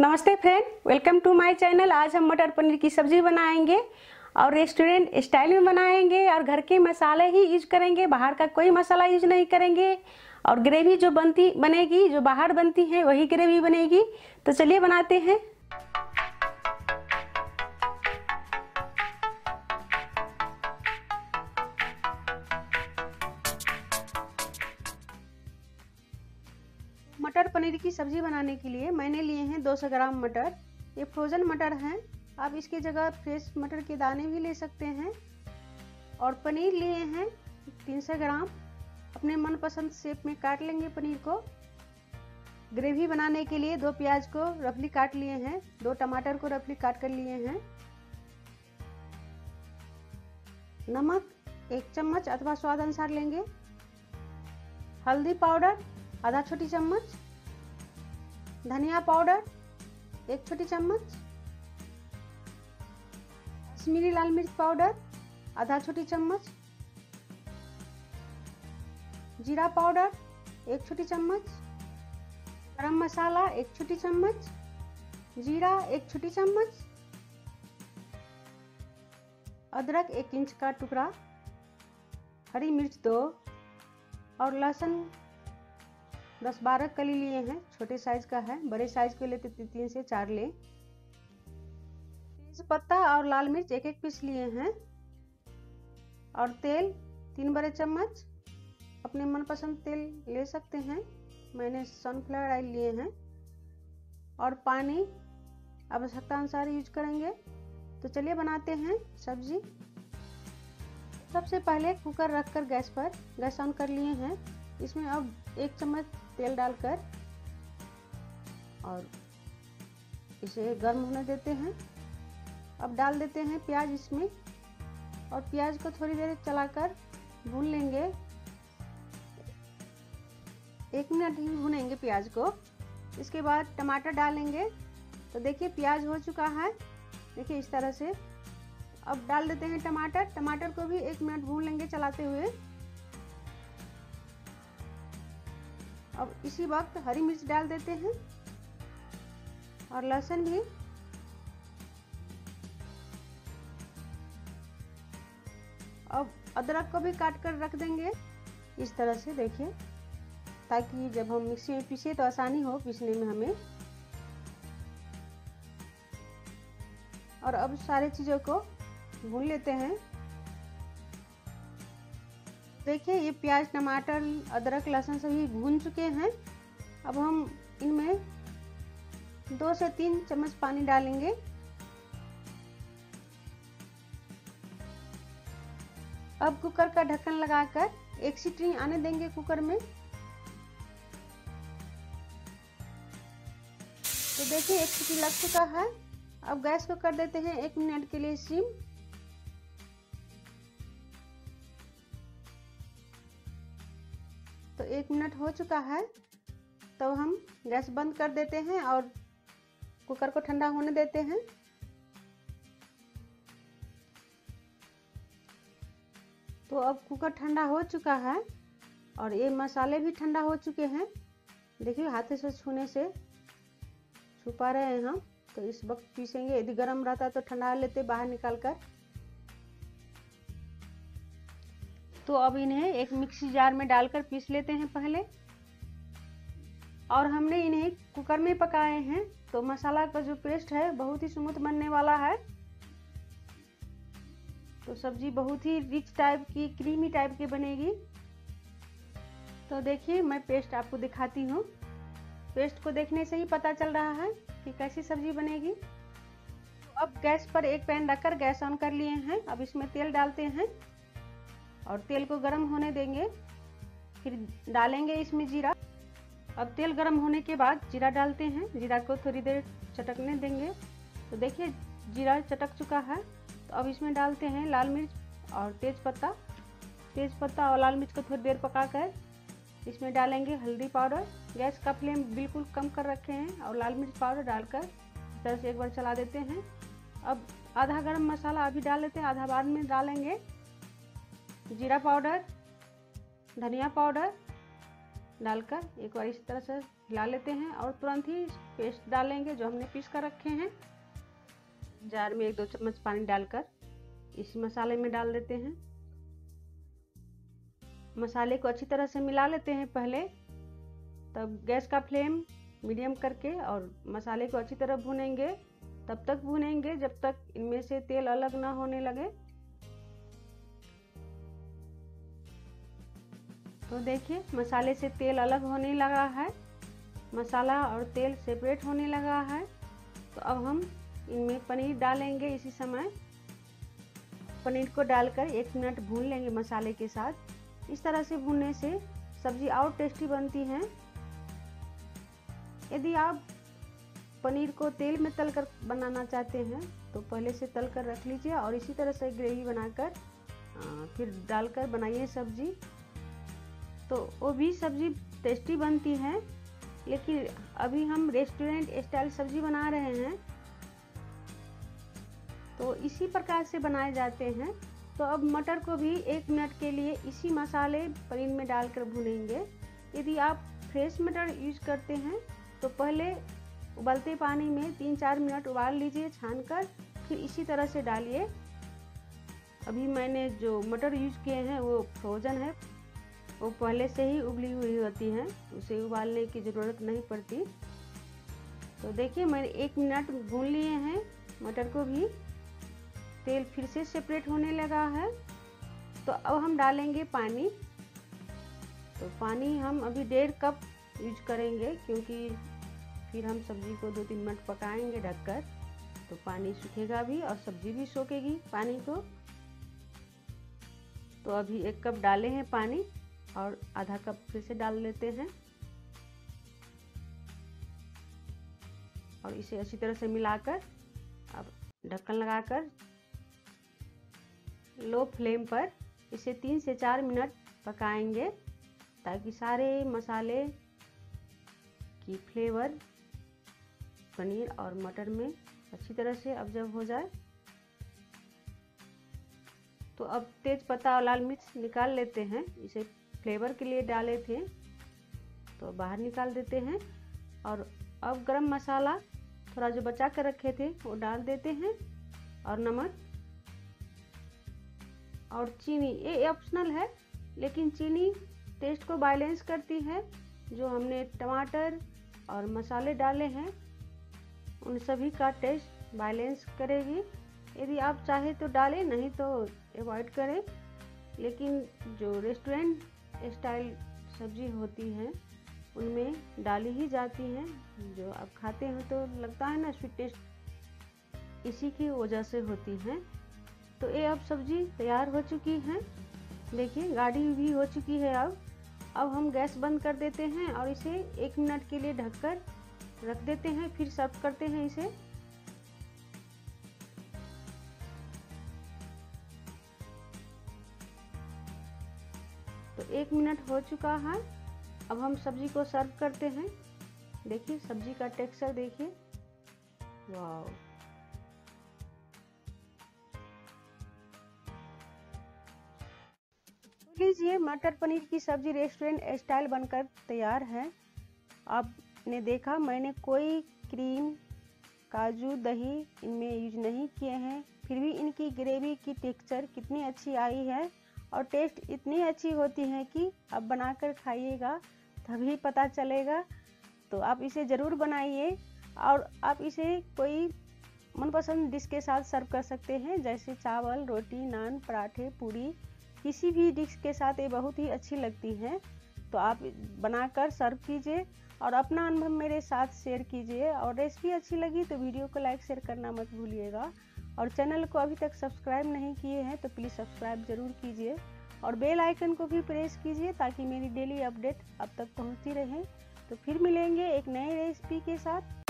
नमस्ते friend welcome to my channel आज हम मटर पनीर की सब्ज़ी बनाएंगे और रेस्टोरेंट स्टाइल में बनाएंगे और घर के मसाले ही यूज करेंगे बाहर का कोई मसाला यूज नहीं करेंगे और ग्रेवी जो बनती बनेगी जो बाहर बनती है वही ग्रेवी बनेगी तो चलिए बनाते हैं की सब्ज़ी बनाने के लिए मैंने लिए हैं 200 ग्राम मटर ये फ्रोज़न मटर हैं आप इसकी जगह फ्रेश मटर के दाने भी ले सकते हैं और पनीर लिए हैं 300 ग्राम अपने मनपसंद शेप में काट लेंगे पनीर को ग्रेवी बनाने के लिए दो प्याज को रफली काट लिए हैं दो टमाटर को रफली काट कर लिए हैं नमक एक चम्मच अथवा स्वाद अनुसार लेंगे हल्दी पाउडर आधा छोटी चम्मच धनिया पाउडर एक छोटी चम्मच कश्मीरी लाल मिर्च पाउडर आधा छोटी चम्मच जीरा पाउडर एक छोटी चम्मच गरम मसाला एक छोटी चम्मच जीरा एक छोटी चम्मच अदरक एक इंच का टुकड़ा हरी मिर्च दो और लहसुन दस बारह कली लिए हैं छोटे साइज का है बड़े साइज के लिए तो तीन से चार लें तेज पत्ता और लाल मिर्च एक एक पीस लिए हैं और तेल तीन बड़े चम्मच अपने मनपसंद तेल ले सकते हैं मैंने सनफ्लावर ऑयल लिए हैं और पानी आवश्यकता अनुसार यूज करेंगे तो चलिए बनाते हैं सब्जी सबसे पहले कुकर रखकर गैस पर गैस ऑन कर लिए हैं इसमें अब एक चम्मच तेल डालकर और इसे गर्म होने देते हैं अब डाल देते हैं प्याज इसमें और प्याज को थोड़ी देर चलाकर भून लेंगे एक मिनट ही भुनेंगे प्याज को इसके बाद टमाटर डालेंगे तो देखिए प्याज हो चुका है देखिए इस तरह से अब डाल देते हैं टमाटर टमाटर को भी एक मिनट भून लेंगे चलाते हुए अब इसी वक्त हरी मिर्च डाल देते हैं और लहसुन भी अब अदरक को भी काट कर रख देंगे इस तरह से देखिए ताकि जब हम मिक्सी में पीसे तो आसानी हो पीसने में हमें और अब सारे चीज़ों को भून लेते हैं देखिए ये प्याज टमाटर अदरक लहसुन सभी भून चुके हैं अब हम इनमें दो से तीन चम्मच पानी डालेंगे अब कुकर का ढक्कन लगाकर एक सीटी आने देंगे कुकर में तो देखिए एक सीटी लग चुका है अब गैस को कर देते हैं एक मिनट के लिए सिम एक मिनट हो चुका है तो हम गैस बंद कर देते हैं और कुकर को ठंडा होने देते हैं तो अब कुकर ठंडा हो चुका है और ये मसाले भी ठंडा हो चुके हैं देखिए हाथ से छूने से छुपा रहे हैं हम तो इस वक्त पीसेंगे यदि गर्म रहता तो ठंडा लेते बाहर निकाल कर तो अब इन्हें एक मिक्सी जार में डालकर पीस लेते हैं पहले और हमने इन्हें कुकर में पकाए हैं तो मसाला का जो पेस्ट है बहुत ही स्मूथ बनने वाला है तो सब्जी बहुत ही रिच टाइप की क्रीमी टाइप की बनेगी तो देखिए मैं पेस्ट आपको दिखाती हूँ पेस्ट को देखने से ही पता चल रहा है कि कैसी सब्जी बनेगी तो अब गैस पर एक पैन रखकर गैस ऑन कर लिए हैं अब इसमें तेल डालते हैं और तेल को गर्म होने देंगे फिर डालेंगे इसमें जीरा अब तेल गर्म होने के बाद जीरा डालते हैं जीरा को थोड़ी देर चटकने देंगे तो देखिए जीरा चटक चुका है तो अब इसमें डालते हैं लाल मिर्च और तेज पत्ता तेज पत्ता और लाल मिर्च को थोड़ी देर पका कर इसमें डालेंगे हल्दी पाउडर गैस का फ्लेम बिल्कुल कम कर रखे हैं और लाल मिर्च पाउडर डालकर इस तरह से एक बार चला देते हैं अब आधा गर्म मसाला अभी डाल लेते हैं आधा बाद में डालेंगे जीरा पाउडर धनिया पाउडर डालकर एक बार इस तरह से हिला लेते हैं और तुरंत ही पेस्ट डालेंगे जो हमने पीस कर रखे हैं जार में एक दो चम्मच पानी डालकर इस मसाले में डाल देते हैं मसाले को अच्छी तरह से मिला लेते हैं पहले तब गैस का फ्लेम मीडियम करके और मसाले को अच्छी तरह भुनेंगे तब तक भुनेंगे जब तक इनमें से तेल अलग ना होने लगे तो देखिए मसाले से तेल अलग होने लगा है मसाला और तेल सेपरेट होने लगा है तो अब हम इनमें पनीर डालेंगे इसी समय पनीर को डालकर एक मिनट भून लेंगे मसाले के साथ इस तरह से भूनने से सब्ज़ी और टेस्टी बनती है यदि आप पनीर को तेल में तल कर बनाना चाहते हैं तो पहले से तल कर रख लीजिए और इसी तरह से ग्रेवी बनाकर फिर डालकर बनाइए सब्ज़ी तो वो भी सब्ज़ी टेस्टी बनती है लेकिन अभी हम रेस्टोरेंट स्टाइल सब्ज़ी बना रहे हैं तो इसी प्रकार से बनाए जाते हैं तो अब मटर को भी एक मिनट के लिए इसी मसाले पनीर में डालकर भूनेंगे यदि आप फ्रेश मटर यूज करते हैं तो पहले उबलते पानी में तीन चार मिनट उबाल लीजिए छान कर फिर इसी तरह से डालिए अभी मैंने जो मटर यूज किए हैं वो फ्रोजन है वो पहले से ही उबली हुई होती हैं उसे उबालने की ज़रूरत नहीं पड़ती तो देखिए मैंने एक मिनट भून लिए हैं मटर को भी तेल फिर से सेपरेट होने लगा है तो अब हम डालेंगे पानी तो पानी हम अभी डेढ़ कप यूज करेंगे क्योंकि फिर हम सब्ज़ी को दो तीन मिनट पकाएंगे ढककर तो पानी सूखेगा भी और सब्ज़ी भी सोखेगी पानी को तो अभी एक कप डाले हैं पानी और आधा कप फिर से डाल लेते हैं और इसे अच्छी तरह से मिलाकर अब ढक्कन लगाकर लो फ्लेम पर इसे तीन से चार मिनट पकाएंगे ताकि सारे मसाले की फ्लेवर पनीर और मटर में अच्छी तरह से ऑब्जर्व हो जाए तो अब तेज पत्ता और लाल मिर्च निकाल लेते हैं इसे फ्लेवर के लिए डाले थे तो बाहर निकाल देते हैं और अब गरम मसाला थोड़ा जो बचा कर रखे थे वो डाल देते हैं और नमक और चीनी ये ऑप्शनल है लेकिन चीनी टेस्ट को बैलेंस करती है जो हमने टमाटर और मसाले डाले हैं उन सभी का टेस्ट बैलेंस करेगी यदि आप चाहे तो डालें नहीं तो अवॉइड करें लेकिन जो रेस्टोरेंट स्टाइल सब्जी होती हैं उनमें डाली ही जाती हैं जो आप खाते हैं तो लगता है ना स्वीट टेस्ट इसी की वजह से होती हैं तो ये अब सब्जी तैयार हो चुकी है देखिए गाढ़ी भी हो चुकी है अब अब हम गैस बंद कर देते हैं और इसे एक मिनट के लिए ढककर रख देते हैं फिर सर्व करते हैं इसे तो एक मिनट हो चुका है अब हम सब्जी को सर्व करते हैं देखिए सब्जी का टेक्सचर देखिए वाओ लीजिए मटर पनीर की सब्जी रेस्टोरेंट स्टाइल बनकर तैयार है आपने देखा मैंने कोई क्रीम काजू दही इनमें यूज नहीं किए हैं फिर भी इनकी ग्रेवी की टेक्सचर कितनी अच्छी आई है और टेस्ट इतनी अच्छी होती है कि आप बनाकर खाइएगा तभी पता चलेगा तो आप इसे ज़रूर बनाइए और आप इसे कोई मनपसंद डिश के साथ सर्व कर सकते हैं जैसे चावल रोटी नान पराठे पूरी किसी भी डिश के साथ ये बहुत ही अच्छी लगती है तो आप बनाकर सर्व कीजिए और अपना अनुभव मेरे साथ शेयर कीजिए और रेसिपी अच्छी लगी तो वीडियो को लाइक शेयर करना मत भूलिएगा और चैनल को अभी तक सब्सक्राइब नहीं किए हैं तो प्लीज़ सब्सक्राइब ज़रूर कीजिए और बेल आइकन को भी प्रेस कीजिए ताकि मेरी डेली अपडेट अब तक पहुंचती रहे तो फिर मिलेंगे एक नए रेसिपी के साथ